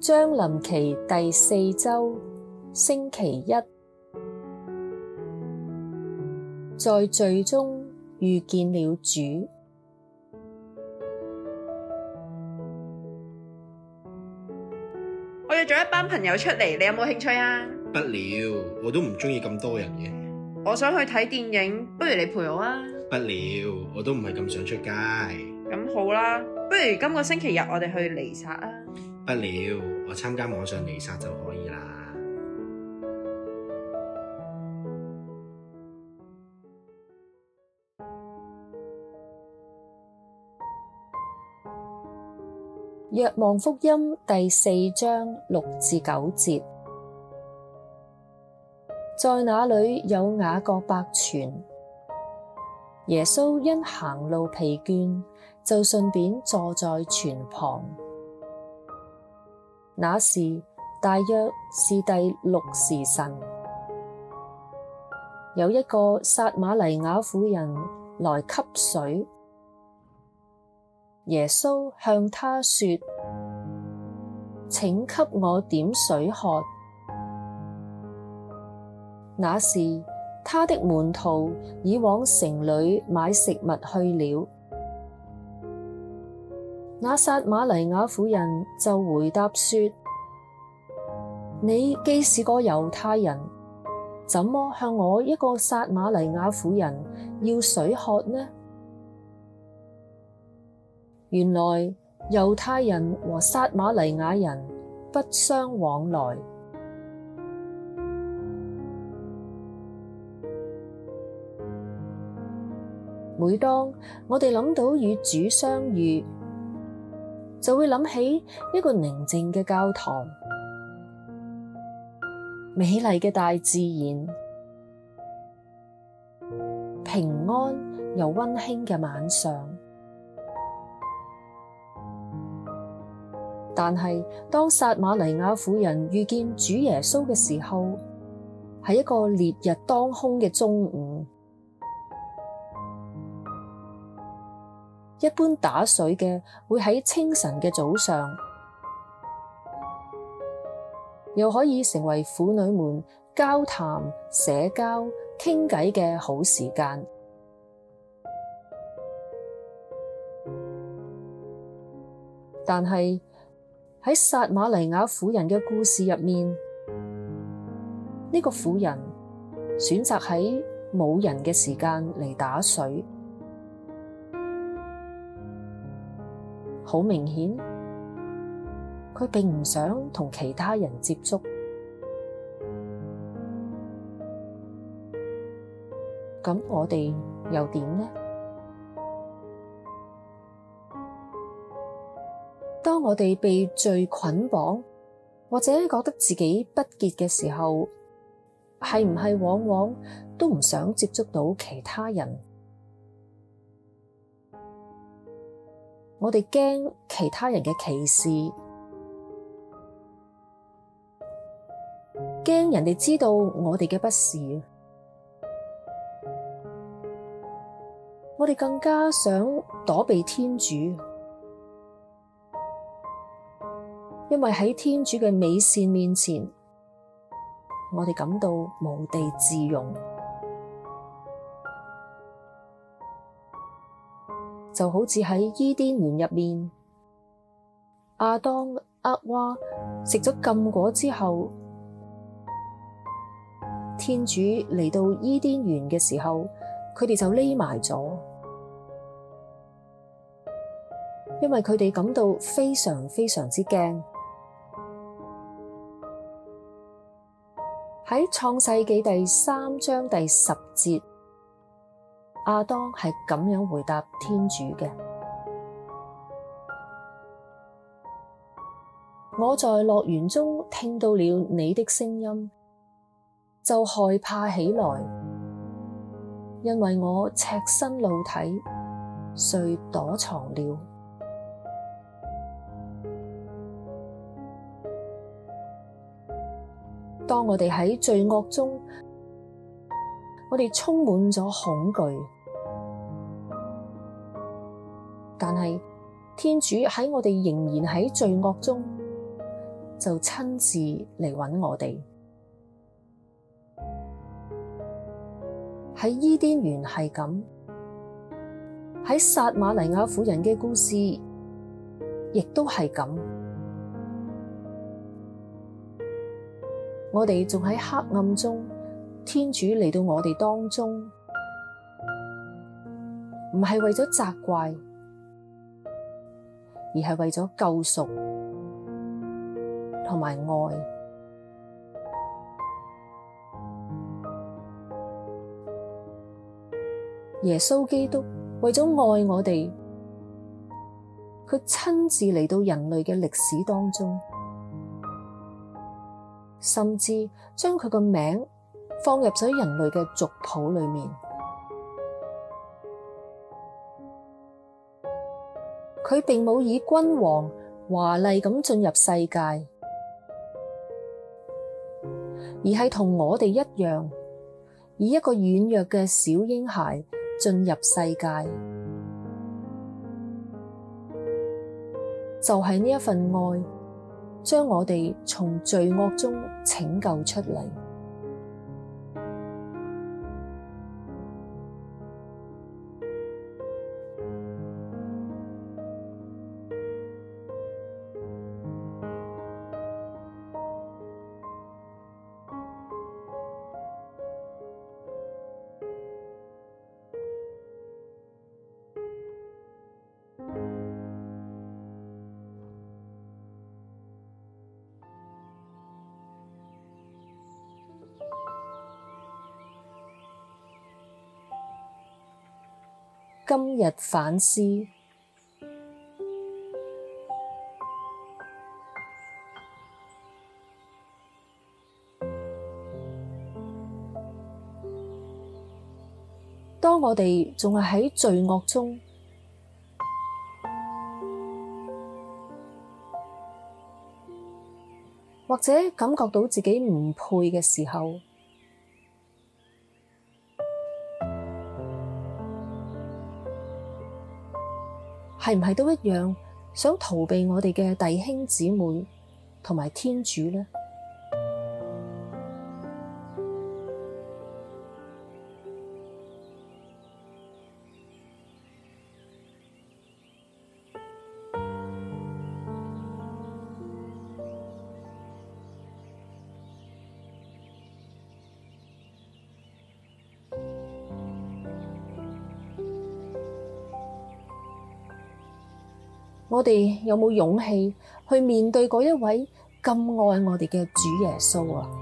將臨期第四周星期一，在罪中遇見了主。我約咗一班朋友出嚟，你有冇興趣啊？不了，我都唔中意咁多人嘅。我想去睇電影，不如你陪我啊？不了，我都唔係咁想出街。咁好啦，不如今個星期日我哋去彌撒啊！不了，我參加網上彌撒就可以啦。《若望福音》第四章六至九節，在那裡有雅各伯泉。耶穌因行路疲倦，就順便坐在泉傍。那時大約是第六時辰，有一個撒馬利亞婦人來汲水，耶穌向她說：請給我點水喝。那時他的門徒已往城裡買食物去了。那撒瑪黎雅婦人就回答說：你既是個猶太人，怎麼向我一個撒瑪黎雅婦人要水喝呢？原來猶太人和撒瑪黎雅人不相往來。每當我哋諗到與主相遇，就會諗起一個寧靜嘅教堂、美麗嘅大自然、平安又溫馨嘅晚上。但係當撒瑪黎雅婦人遇見主耶穌嘅時候，係一個烈日當空嘅中午。一般打水嘅會喺清晨嘅早上，又可以成為婦女們交談、社交、傾偈嘅好時間。但係喺撒瑪黎雅婦人嘅故事入面，呢、這個婦人選擇喺冇人嘅時間嚟打水。好明顯，佢並唔想同其他人接觸。咁我哋又點呢？當我哋被罪捆綁，或者覺得自己不潔嘅時候，係唔係往往都唔想接觸到其他人？我哋驚其他人嘅歧視，驚人哋知道我哋嘅不是。我哋更加想躲避天主，因為喺天主嘅美善面前，我哋感到無地自容。就好似喺伊甸園入面，亞當、厄娃食咗禁果之後，天主嚟到伊甸園嘅時候，佢哋就匿埋咗，因為佢哋感到非常非常之驚。喺創世紀第三章第十節。亞當係咁樣回答天主嘅：「我在樂園中聽到了你的聲音，就害怕起來，因為我赤身露體，遂躲藏了。」當我哋喺罪惡中，我哋充滿咗恐懼，但係天主喺我哋仍然喺罪惡中，就親自嚟搵我哋。喺伊甸園係咁，喺撒瑪黎雅婦人嘅故事，亦都係咁。我哋仲喺黑暗中。天主嚟到我哋當中，唔係為咗責怪，而係為咗救贖同埋愛。耶穌基督為咗愛我哋，佢親自嚟到人類嘅歷史當中，甚至將佢個名。放入咗人類嘅族譜裏面，佢並冇以君王華麗咁進入世界，而係同我哋一樣，以一個軟弱嘅小嬰孩進入世界，就係、是、呢一份愛，將我哋從罪惡中拯救出嚟。今日反思，當我哋仲係喺罪惡中，或者感覺到自己唔配嘅時候。係唔係都一樣想逃避我哋嘅弟兄姊妹同埋天主咧？我哋有冇勇氣去面對嗰一位咁愛我哋嘅主耶穌啊？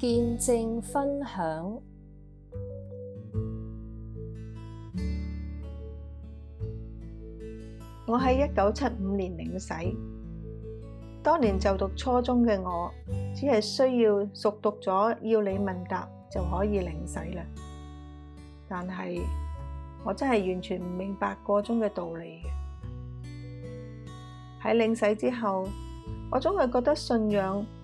見證分享。我喺一九七五年領洗，當年就讀初中嘅我，只係需要熟讀咗要理問答就可以領洗啦。但係我真係完全唔明白個中嘅道理嘅。喺領洗之後，我總係覺得信仰，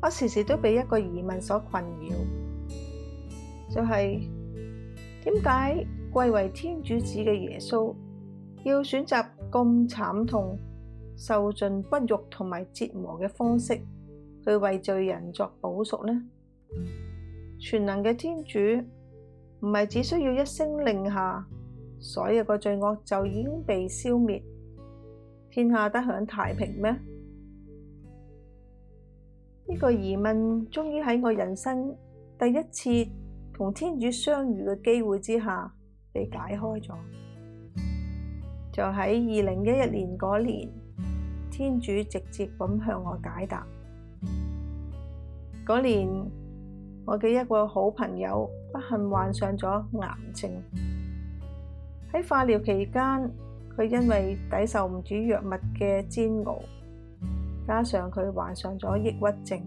我時時都被一個疑問所困擾，就係點解貴為天主子嘅耶穌，要選擇咁慘痛、受盡屈辱同埋折磨嘅方式，去為罪人作補贖呢？全能嘅天主唔係只需要一聲令下，所有嘅罪惡就已經被消滅，天下得享太平咩？呢個疑問終於喺我人生第一次同天主相遇嘅機會之下被解開咗，就喺二零一一年嗰年，天主直接咁向我解答。嗰年我嘅一個好朋友不幸患上咗癌症，喺化療期間，佢因為抵受唔住藥物嘅煎熬。加上佢患上咗抑鬱症，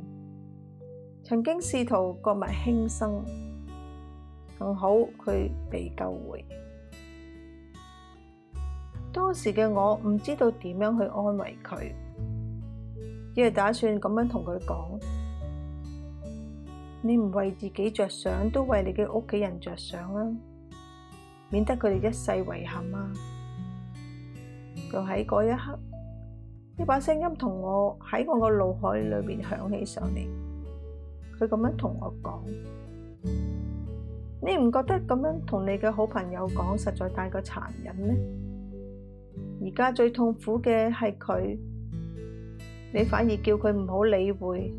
曾經試圖割脈輕生，幸好佢被救回。當時嘅我唔知道點樣去安慰佢，只係打算咁樣同佢講：你唔為自己着想，都為你嘅屋企人着想啦，免得佢哋一世遺憾啊！就喺嗰一刻。呢把聲音同我喺我個腦海裏邊響起上嚟，佢咁樣同我講：你唔覺得咁樣同你嘅好朋友講，實在太過殘忍咩？而家最痛苦嘅係佢，你反而叫佢唔好理會，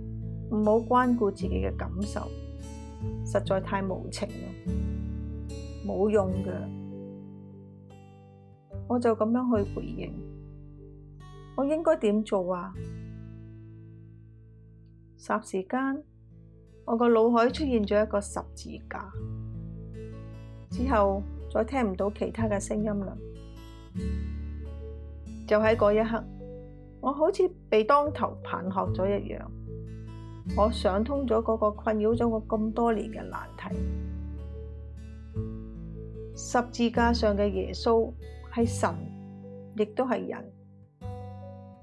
唔好關顧自己嘅感受，實在太無情啦，冇用嘅。我就咁樣去回應。我應該點做啊？霎時間，我個腦海出現咗一個十字架，之後再聽唔到其他嘅聲音啦。就喺嗰一刻，我好似被當頭棒喝咗一樣，我想通咗嗰個困擾咗我咁多年嘅難題。十字架上嘅耶穌係神，亦都係人。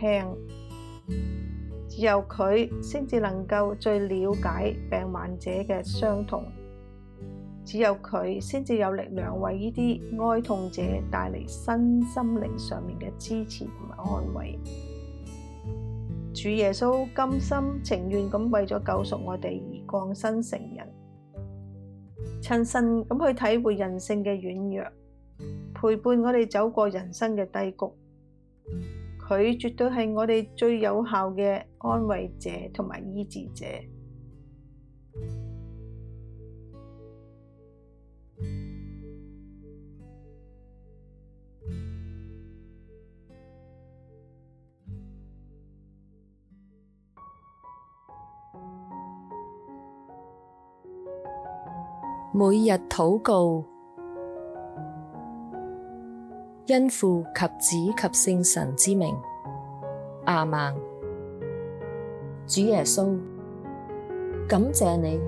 輕，只有佢先至能夠最了解病患者嘅傷痛，只有佢先至有力量為呢啲哀痛者帶嚟身心靈上面嘅支持同埋安慰。主耶穌甘心情願咁為咗救贖我哋而降生成人，親身咁去體會人性嘅軟弱，陪伴我哋走過人生嘅低谷。佢絕對係我哋最有效嘅安慰者同埋醫治者。每日禱告。因父及子及聖神之名，阿們。主耶穌，感謝你，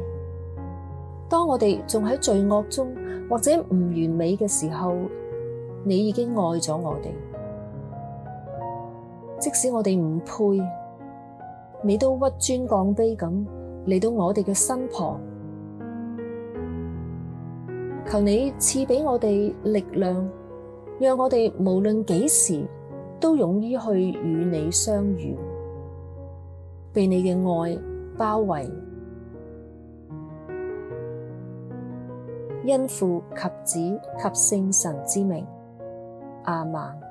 當我哋仲喺罪惡中或者唔完美嘅時候，你已經愛咗我哋。即使我哋唔配，你都屈尊降卑咁嚟到我哋嘅身旁，求你賜俾我哋力量。讓我哋無論幾時都勇於去與你相遇，被你嘅愛包圍，因父及子及聖神之名，亞孟。